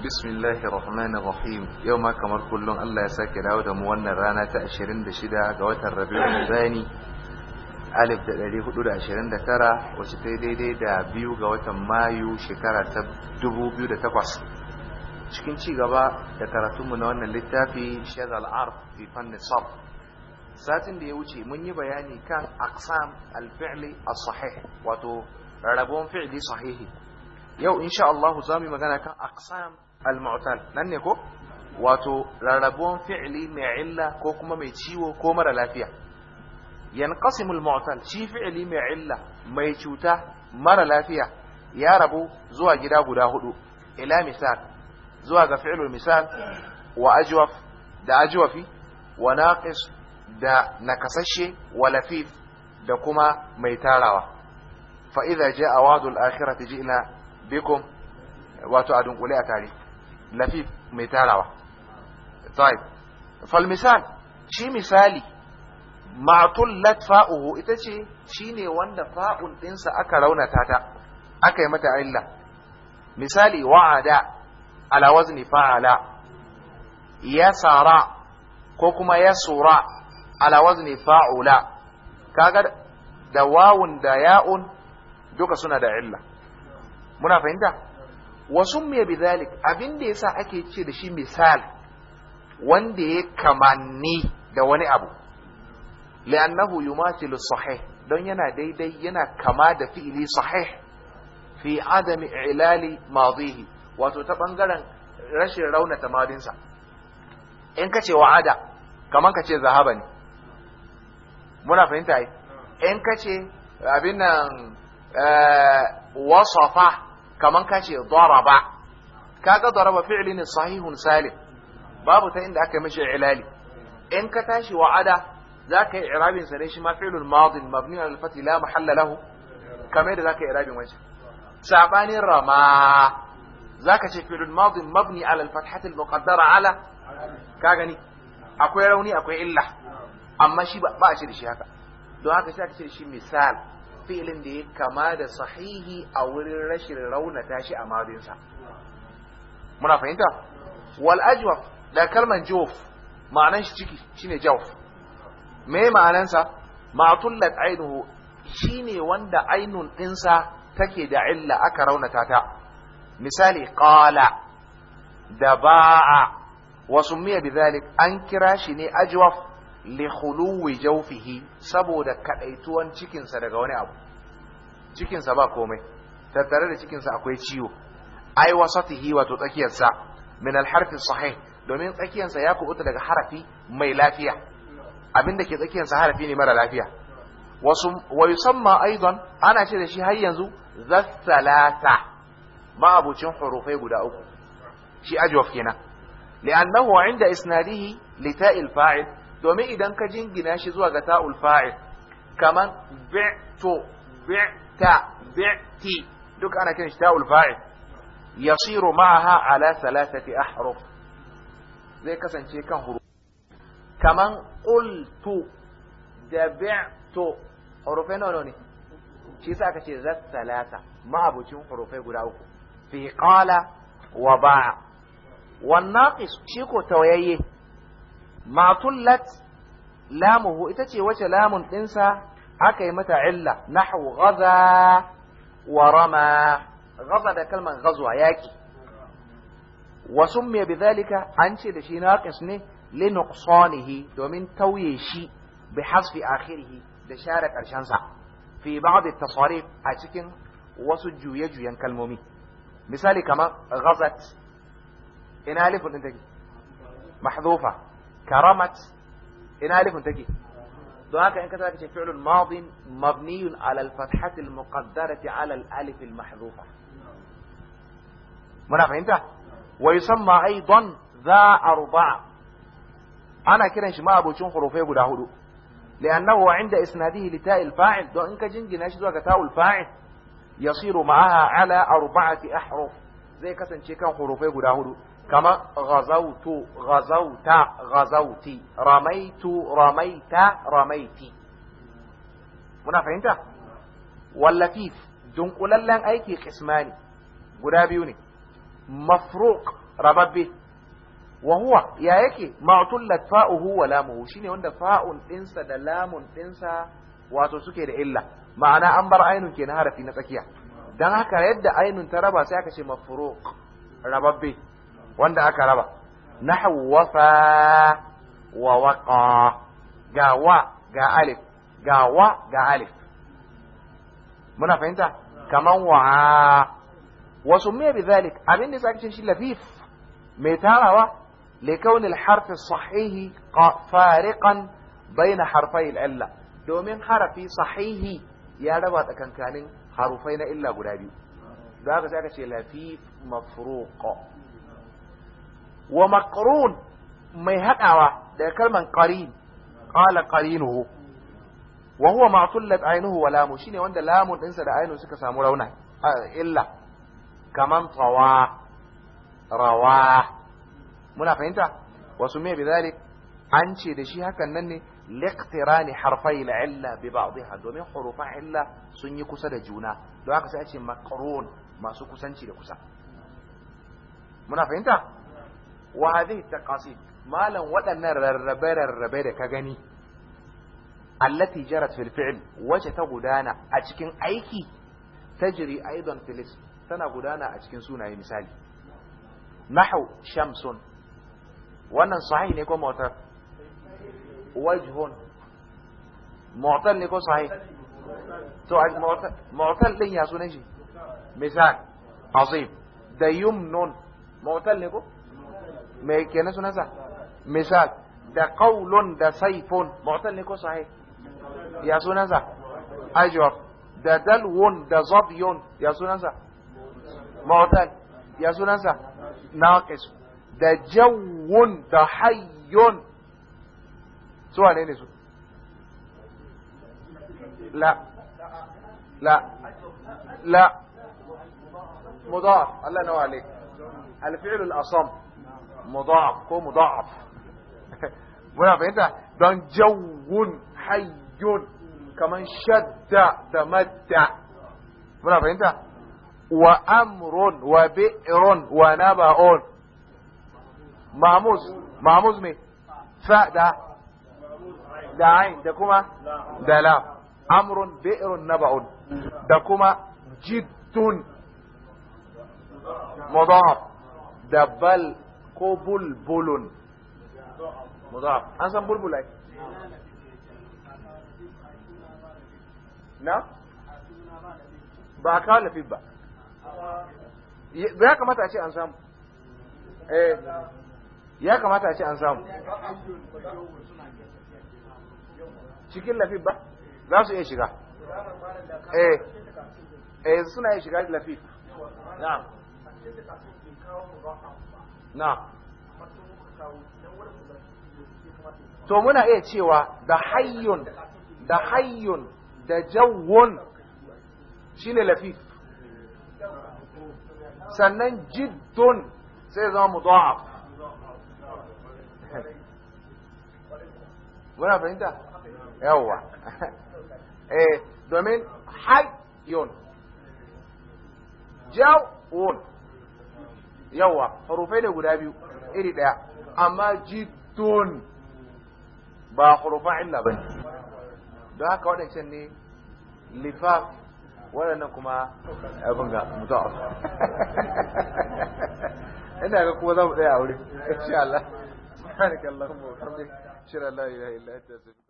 bismillahi rahmanir rahim yau ma kamar kullum Allah ya sake dawo da mu wannan rana ta 26 ga watan Rabiul Thani alif da 429 wacce ta daidai da biyu ga watan Mayu shekara ta 2008 cikin ci gaba da karatunmu na wannan littafi Shadal Arf fi fanni sab satin da ya wuce mun yi bayani kan aqsam al-fi'li as-sahih wato rabon fi'li sahihi yau insha Allah za mu magana kan aqsam al-mu'tal nan ne ko wato rarrabuwan fi'ili mai illa ko kuma mai ciwo ko mara lafiya yanqasimu al-mu'tal shi fi'ili mai illa mai cuta mara lafiya ya rabu zuwa gida guda hudu ila misal zuwa ga fi'ilul misal wa ajwaf da ajwafi wa naqis da nakasashe wa lafif da kuma mai tarawa fa idza jaa wa'dul akhirati ji'na bikum wato a dunkule a tare lafif mai tarawa طيب Falmisal. Shi misali ma'atul latfa'uhu ita ce shine wanda fa'un ɗinsa aka raunata ta aka yi mata illa misali wa'ada ala wazni fa'ala yasara ko kuma yasura ala wazni fa'ula kaga da wawun da ya'un duka suna da illa muna fahimta wasu mai abin da yasa ake ce da shi misal wanda ya kamanni da wani abu li'annahu yumathilu sahih don yana daidai yana kama da fi'ili sahih fi adami ilali madihi wato ta bangaren rashin raunata madinsa in ka ce wa'ada kamar ka ce zahaba ne muna fahimta yi? in ka ce abin nan eh, wasafa kaman ka ce daraba kaga daraba fi'li ne sahihun salim babu ta inda aka yi mishi ilali in ka tashi wa'ada za ka yi irabin sa ne shi ma fi'lul madin mabni ala al-fathi la mahalla lahu kamar da za ka yi irabin wancan sabanin rama za ka ce fi'lul madin mabni ala al-fathati al-muqaddara ala ka gani akwai rauni akwai illa amma shi ba a ce da shi haka don haka sai aka ce shi misal fi'ilin da ya kama da sahihi a wurin rashin raunata shi a madinsa muna fahimta wal ajwaf da kalmar jawf ma'anan shi ciki shine jawf me ma'anansa ma'tullat aynuhu shine wanda ainun dinsa take da illa aka raunata ta misali qala da ba'a wasu miya bidhalik an kira shi ne ajwaf li jawfihi saboda kadaituwan cikinsa daga wani abu cikinsa ba komai tattare da cikinsa akwai ciwo ai wasatihi wato tsakiyarsa min alharfi sahih domin tsakiyarsa ya kubuta daga harafi mai lafiya abinda ke tsakiyarsa harafi ne mara lafiya wasu wa yusamma aidan ana ce da shi har yanzu zassalata ma'abucin hurufai guda uku shi ajwaf kenan li'annahu inda isnadihi li fa'il domin idan ka jingina shi zuwa ga ta'ul fa'il kaman bi'tu bi'ta bi'ti duk ana kiran shi ta'ul fa'il yasiru ma'aha ala salasati ahruf zai kasance kan huruf kaman qultu da bi'tu hurufai nawa ne shi yasa aka ce zat salasa ma'abucin hurufai guda uku fi qala wa ba'a wannan shi ko tawayayye matullat lamuhu ita ce wacce lamun ɗinsa aka yi mata illa nahwu gaza wa rama gaza da kalmar gazuwa yaki wa summiya bidhalika an ce da shi naqis ne li nuqsanihi domin tauye shi bi hasfi akhirih da share karshen sa fi ba'd at-tasarif a cikin wasu juye-juyen kalmomi misali kamar ghazat ina alif din take mahdhufa karamat ina alifin take don haka in ka saka ce fi'lun madin mabniyun ala al-fathati al-muqaddarati ala al-alif al-mahdhufa muna fahimta wa yusamma aidan za arba'a ana kiran shi ma hurufai guda hudu لأنه عند إسناده لتاء الفاعل دو إنك جنجي ناشدوا كتاء الفاعل يصير معها على أربعة أحرف زي كسن شيكا guda قداهدو كما غزوت غزوت غزوتي رميت رميت رميتي منا فهمت واللطيف دون قلالان ايكي قسماني قدا بيوني مفروق ربب وهو يا ايكي معطلة فاؤه ولامه شيني وند فاء انسى دلام انسى واتو سكي دئلا معنى انبر عين كي نهار في نتاكيا دان هكا يد عين تربا ساكش مفروق ربب wanda aka raba nahu wafa wa waqa ga wa ga alif ga wa ga alif muna fahimta kaman wa wa me bi zalik abin da sai kace shi lafif mai tarawa al al harf sahih لكون الحرف الصحيح فارقا بين حرفي العلة دومين حرفي صحيح يا ربا كان كان حرفين إلا قرابي ذاك ذاك شيء lafif mafruq wa makarun mai haɗawa daga kalman ƙarin, qala qarinuhu wa huwa ma'tullat aynuhu wa lamu shine wanda lamun ɗinsa da aynu suka samu rauna illa kaman tawa rawa muna fahimta wasu me bidalik an ce da shi hakan nan ne liqtirani harfai illa bi ba'dihha domin hurufa illa sun yi kusa da juna don haka sai a ce makarun masu kusanci da kusa muna fahimta wa hadhihi taqasid malan waɗannan rarrabe-rarrabe da ka gani allati jarat fil fi'l wace ta gudana a cikin aiki tajri aidan fil ism tana gudana a cikin sunaye misali nahu shamsun wannan sahih ne ko mu'tal wajhun mu'tal ne ko sahih to mu'tal din ya sunan shi misal azim da yumnun mu'tal ne ko me kenan sunansa misal da qaulun da saifun mu'tal ne ko sahih ya sunansa ajwab da dalwun da zabyun ya sunansa mu'tal ya sunansa naqis da jawun da hayyun su wane ne su لا لا لا مضاف الله ينور عليك الفعل الأصم مضاعف كو مضاعف مضاعف انت إيه ده جو حي كمان شد تمتع مضاعف انت إيه وامر وبئر ونبأ معموز معموز مين فا ده ده عين ده كما ده لا امر بئر نبأ ده كما جد مضاعف ده بل ko bulbulun mudaf an san bulbul ai na ba ka lafi ba ya kamata a ce an samu eh ya kamata a ce an samu cikin lafif ba za su iya shiga eh eh suna iya shiga lafif na na to muna iya cewa da hayyun da hayyun da jawwun shine lafif sannan jiddun sai zama mudha'af muna fahimta yawwa eh domin hayyun jawon. yawa harufai ne guda biyu iri daya amma jiddun ba hurufan illa ba ne don haka waɗancan ne lifaf waɗannan kuma abin ga mutuwa ina ga kuma za mu ɗaya a wuri inshallah Allah subhanakallahumma wa bihamdika shira la ilaha illa anta